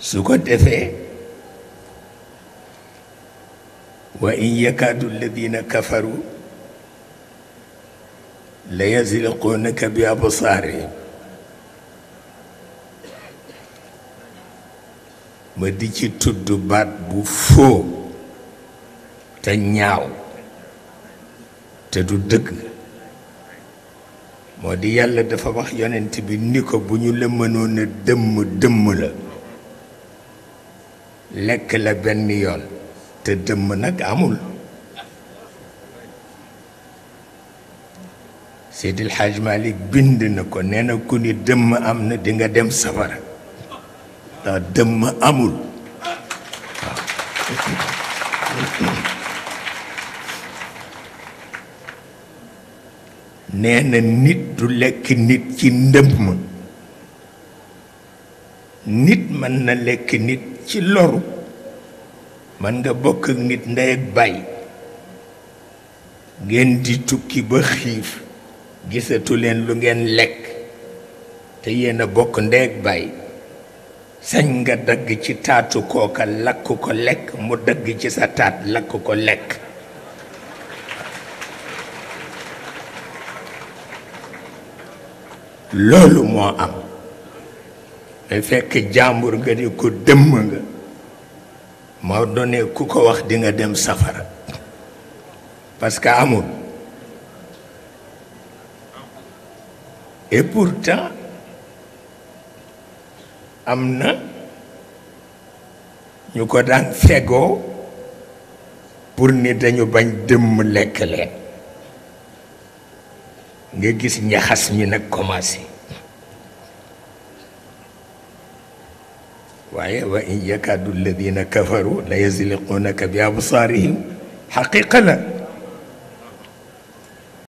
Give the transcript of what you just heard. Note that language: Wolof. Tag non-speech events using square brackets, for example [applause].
su ko defee wa in yakaadu alladina kafaru la yasliquunaka bi absaarihim ma di ci tudd baat bu foo te ñaaw te du dëkk moo di yàlla dafa wax yonent bi ni ko bu ñu la mënoon a dëmm dëmm la lekk la benn yoon te dëmm nag amul Seydil Hadj Malick bind na ko nee na ku ni dëmm am na di nga dem safara ndax dëmm amul [coughs] nee na nit du lekk nit ci ndëmm nit mën na lekk nit ci loru mën nga bokk ak nit ndey ak bay ngeen di tukki ba xiif gisatu leen lu ngeen lekk te yéen bokk ndey ak bay sañ nga dagg ci taatu kooka lakk ko lekk mu dagg ci sa taat lakk ko lekk loolu moo am day fekk jàmbur nga di ko dëmm nga moo doonee ku ko wax di dem safara parce que amul et pourtant am na ñu ko daan fegoo pour ni dañu bañ dëmm lekk leen nga gis ñaxas mi nag commencé وإن يكاد الذين كفروا ليزلقونك بأبصارهم حقيقة